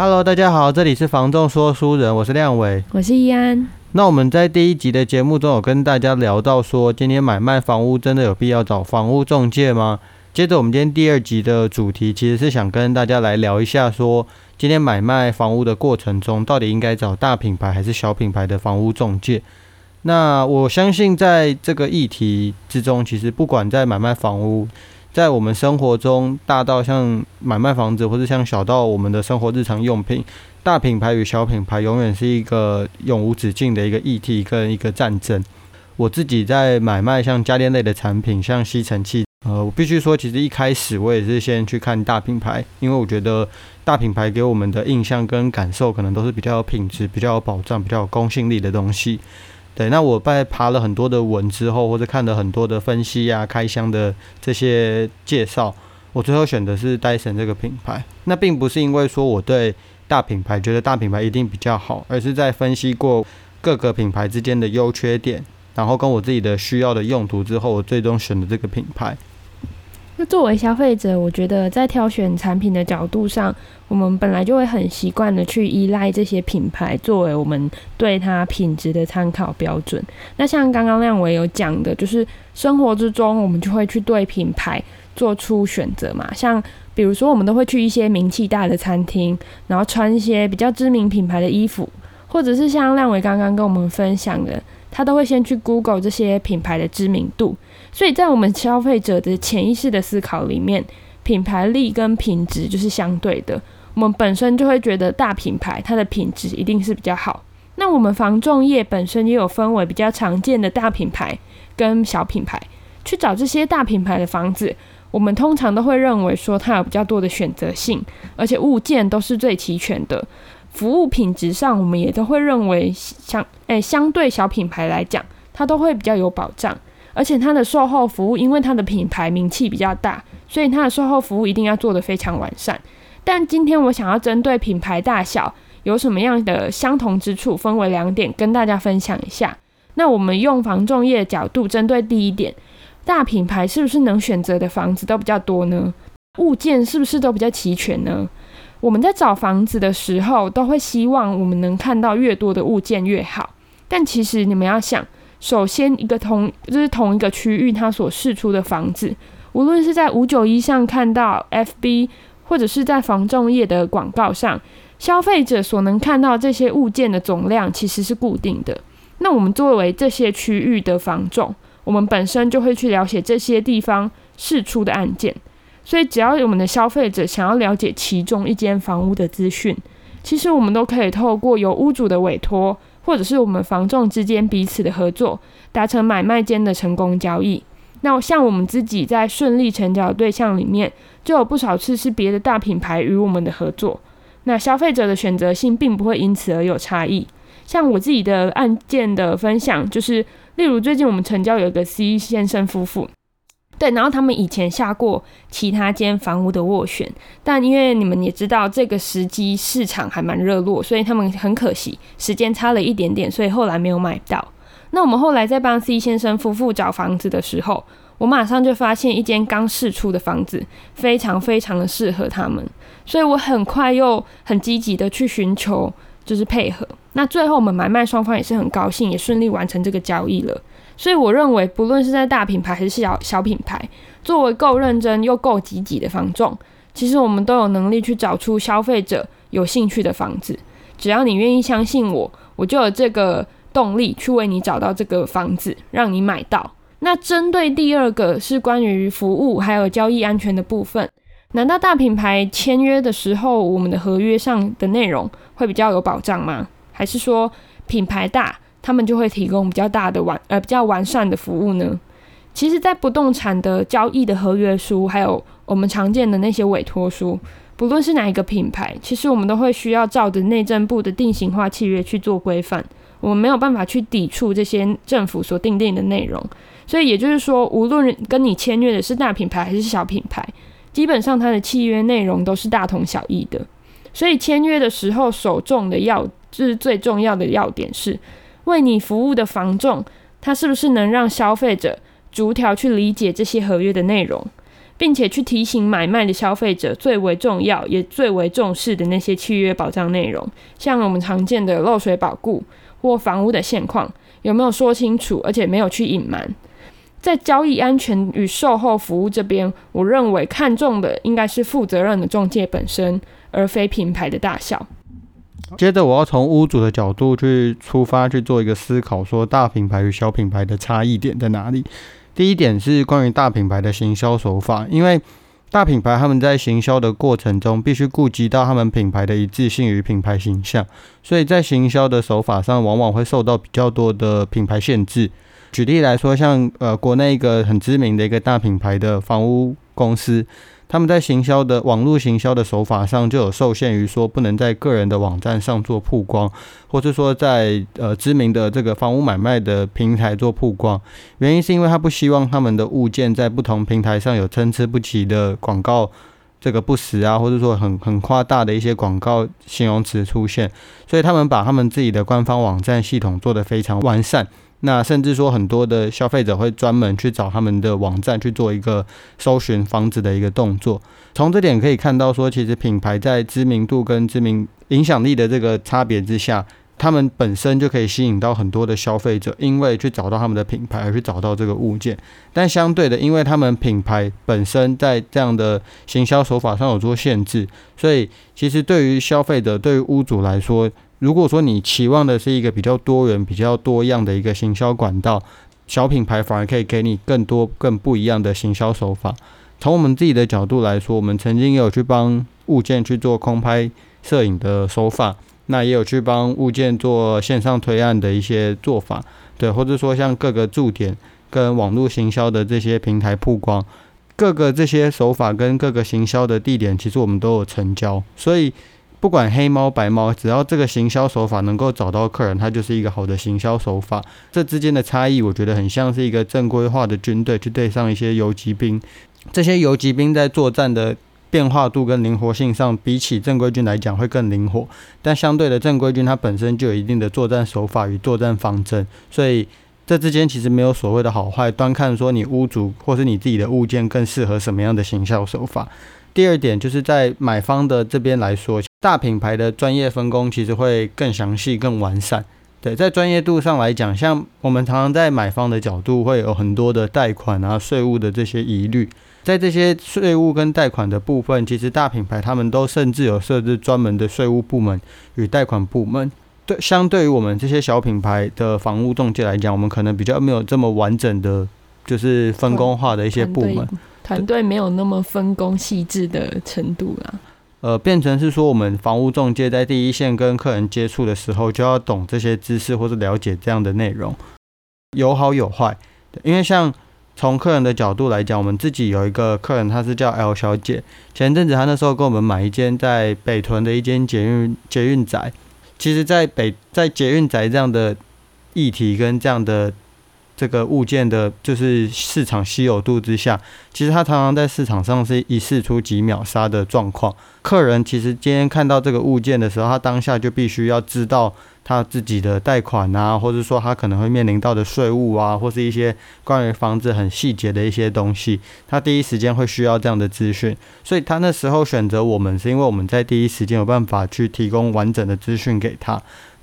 Hello，大家好，這裡是房仲說書人，我是亮偉，我是依安。那我們在第一集的節目中有跟大家聊到說，今天買賣房屋真的有必要找房屋中介嗎？接着我們今天第二集的主題其實是想跟大家來聊一下，說今天買賣房屋的過程中到底應該找大品牌還是小品牌的房屋中介？那我相信在這個議題之中，其實不管在買賣房屋。在我們生活中，大到像買賣房子，或者像小到我們的生活日常用品，大品牌與小品牌永遠是一個永無止境的一個議題跟一個戰爭。我自己在買賣像家電類的產品，像吸塵器，呃，我必須說，其實一開始我也是先去看大品牌，因為我覺得大品牌給我們的印象跟感受，可能都是比較有品質、比較有保障、比較有公信力的東西。對，那我在爬了很多的文之後，或者看了很多的分析呀、啊、開箱的這些介紹，我最後選的是 Dyson 這個品牌。那並不是因為說我對大品牌覺得大品牌一定比較好，而是在分析過各個品牌之間的優缺點，然後跟我自己的需要的用途之後，我最終選的這個品牌。那作為消費者，我覺得在挑選產品的角度上，我們本來就會很習慣的去依賴這些品牌作為我們對它品質的參考標準。那像剛剛亮偉有講的，就是生活之中我們就會去對品牌做出選擇嘛。像比如說，我們都會去一些名氣大的餐廳，然後穿一些比較知名品牌的衣服，或者是像亮偉剛剛跟我們分享的。他都會先去 Google 這些品牌的知名度，所以在我們消費者的潛意識的思考裡面，品牌力跟品質就是相對的。我們本身就會覺得大品牌它的品質一定是比較好。那我們房仲業本身也有分為比較常見的大品牌跟小品牌，去找這些大品牌的房子，我們通常都會認為說它有比較多的選擇性，而且物件都是最齊全的。服務品質上，我們也都會認為相，誒、欸、相對小品牌來講，它都會比較有保障，而且它的售後服務，因為它的品牌名氣比較大，所以它的售後服務一定要做得非常完善。但今天我想要針對品牌大小有什麼樣的相同之處，分為兩點跟大家分享一下。那我們用房仲業的角度，針對第一點，大品牌是不是能選擇的房子都比較多呢？物件是不是都比較齊全呢？我們在找房子的時候，都會希望我們能看到越多的物件越好。但其實你們要想，首先一個同就是同一個區域，它所釋出的房子，無論是在五九一上看到 FB，或者是在房仲業的廣告上，消費者所能看到這些物件的總量其實是固定的。那我們作為這些區域的房仲，我們本身就會去了解這些地方釋出的案件，所以，只要我們的消費者想要了解其中一間房屋的資訊，其實我們都可以透過由屋主的委託，或者是我們房仲之間彼此的合作，達成買賣間的成功交易。那像我們自己在順利成交的對象裡面，就有不少次是別的大品牌與我們的合作。那消費者的選擇性並不會因此而有差異。像我自己的案件的分享，就是例如最近我們成交有一個 C 先生夫婦。對，然後他們以前下過其他間房屋的斡旋。但因為你們也知道這個時機市場還蠻熱絡，所以他們很可惜時間差了一點點，所以後來沒有買到。那我們後來在幫 C 先生夫婦找房子的時候，我馬上就發現一間剛釋出的房子，非常非常的適合他們，所以我很快又很積極的去尋求。就是配合，那最後我們買賣雙方也是很高興，也順利完成這個交易了。所以我認為，不論是在大品牌還是小小品牌，作為夠認真又夠積極的房仲，其實我們都有能力去找出消費者有興趣的房子。只要你願意相信我，我就有這個動力去為你找到這個房子，讓你買到。那針對第二個是關於服務還有交易安全的部分。難道大品牌簽約的時候，我們的合約上的內容會比較有保障嗎？還是說品牌大，他們就會提供比較大的完呃比較完善的服務呢？其實，在不動產的交易的合約書，還有我們常見的那些委托書，不論是哪一個品牌，其實我們都會需要照着內政部的定型化契約去做規範。我們沒有辦法去抵觸這些政府所訂定的內容。所以也就是說，無論跟你簽約的是大品牌還是小品牌。基本上，它的契約內容都是大同小異的，所以簽約的時候，首重的要，這、就是最重要的要點是，為你服務的房仲。它是不是能讓消費者逐條去理解這些合約的內容，並且去提醒買賣的消費者最為重要也最為重視的那些契約保障內容，像我們常見的漏水保固或房屋的現況有沒有說清楚，而且沒有去隱瞞。在交易安全與售後服務這邊，我認為看重的應該是負責任的仲介本身，而非品牌的大小。接着，我要從屋主的角度去出發去做一個思考，說大品牌與小品牌的差異點在哪裡？第一點是關於大品牌的行銷手法，因為大品牌他們在行銷的過程中必須顧及到他們品牌的一致性與品牌形象，所以在行銷的手法上往往會受到比較多的品牌限制。舉例來說，像呃國內一個很知名的一個大品牌的房屋公司，他們在行銷的網絡行銷的手法上，就有受限於說不能在個人的網站上做曝光，或是說在呃知名的這個房屋買賣的平台做曝光。原因是因為他不希望他們的物件在不同平台上有參差不齊的廣告，這個不實啊，或者說很很誇大的一些廣告形容詞出現，所以他們把他們自己的官方網站系統做得非常完善。那甚至說，很多的消費者會專門去找他們的網站去做一個搜尋房子的一個動作。從這點可以看到說，其實品牌在知名度跟知名影響力的這個差別之下，他們本身就可以吸引到很多的消費者，因為去找到他們的品牌而去找到這個物件。但相對的，因為他們品牌本身在這樣的行銷手法上有做限制，所以其實對於消費者，對於屋主來說，如果說你期望的是一個比較多元、比較多樣的一個行銷管道，小品牌反而可以給你更多、更不一樣的行銷手法。從我們自己的角度來說，我們曾經也有去幫物件去做空拍攝影的手法，那也有去幫物件做線上推案的一些做法，對，或者說像各個駐點跟網絡行銷的這些平台曝光，各個這些手法跟各個行銷的地點，其實我們都有成交，所以。不管黑貓白貓，只要這個行銷手法能夠找到客人，它就是一個好的行銷手法。這之間的差異，我覺得很像是一個正規化的軍隊去對上一些游擊兵。這些游擊兵在作戰的變化度跟靈活性上，比起正規軍來講會更靈活，但相對的正規軍，它本身就有一定的作戰手法與作戰方針。所以這之間其實沒有所謂的好壞，端看說你屋主或是你自己的物件，更適合什麼樣的行銷手法。第二點就是在買方的這邊來說，大品牌的專業分工其實會更詳細、更完善。對，在專業度上來講，像我們常常在買方的角度，會有很多的貸款啊、稅務的這些疑慮。在這些稅務跟貸款的部分，其實大品牌他們都甚至有設置專門的稅務部門與貸款部門。對，相對於我們這些小品牌的房屋仲介來講，我們可能比較沒有這麼完整的，就是分工化的一些部門，團隊沒有那麼分工細緻的程度啦。呃，變成是說我們房屋中介在第一線跟客人接觸的時候，就要懂這些知識或是了解這樣的內容，有好有壞。因為像從客人的角度來講，我們自己有一個客人，她是叫 L 小姐，前陣子她那時候跟我們買一間在北屯的一間捷運捷運宅，其實在，在北在捷運宅這樣的議題跟這樣的。這個物件的，就是市場稀有度之下，其實它常常在市場上是一釋出幾秒殺的狀況。客人其實今天看到這個物件的時候，他當下就必須要知道他自己的貸款啊，或者說他可能會面臨到的稅務啊，或是一些關於房子很細節的一些東西，他第一時間會需要這樣的資訊。所以他那時候選擇我們，是因為我們在第一時間有辦法去提供完整的資訊給他。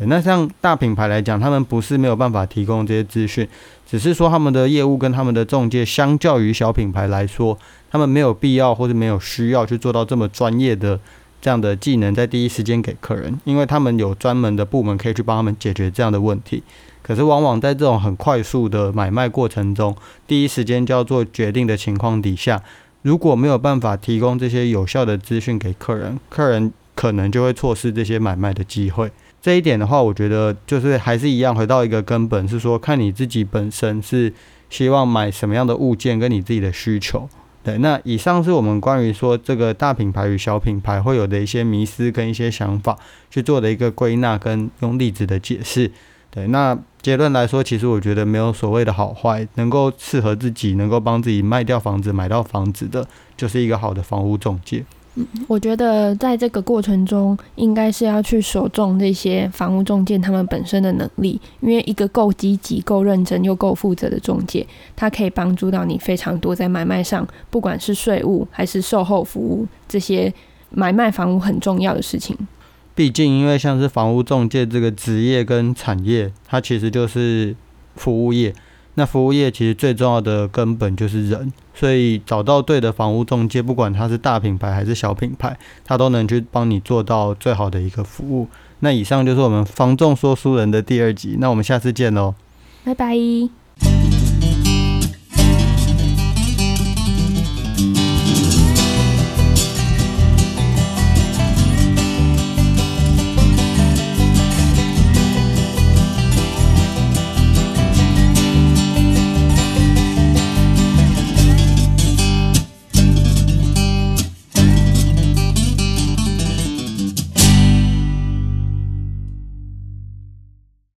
欸，那像大品牌來講，他們不是沒有辦法提供這些資訊，只是說他們的業務跟他們的中介，相較於小品牌來說，他們沒有必要或是沒有需要去做到這麼專業的這樣的技能，在第一時間給客人，因為他們有專門的部門可以去幫他們解決這樣的問題。可是往往在這種很快速的買賣過程中，第一時間就要做決定的情況底下，如果沒有辦法提供這些有效的資訊給客人，客人可能就會錯失這些買賣的機會。這一點的話，我覺得就是還是一樣，回到一個根本是說，看你自己本身是希望買什麼樣的物件，跟你自己的需求。對，那以上是我們關於說這個大品牌與小品牌會有的一些迷思跟一些想法去做的一個歸納跟用例子的解釋。對，那結論來說，其實我覺得沒有所謂的好壞，能夠適合自己，能夠幫自己賣掉房子買到房子的，就是一個好的房屋中介。我覺得在這個過程中，應該是要去手中這些房屋中介他們本身的能力，因為一個夠積極、夠認真又夠負責的中介，他可以幫助到你非常多在買賣上，不管是稅務還是售後服務這些買賣房屋很重要的事情。畢竟，因為像是房屋中介這個職業跟產業，它其實就是服務業。那服務業其實最重要的根本就是人，所以找到對的房屋中介，不管它是大品牌還是小品牌，它都能去幫你做到最好的一個服務。那以上就是我們房仲說書人的第二集，那我們下次見嘍，拜拜。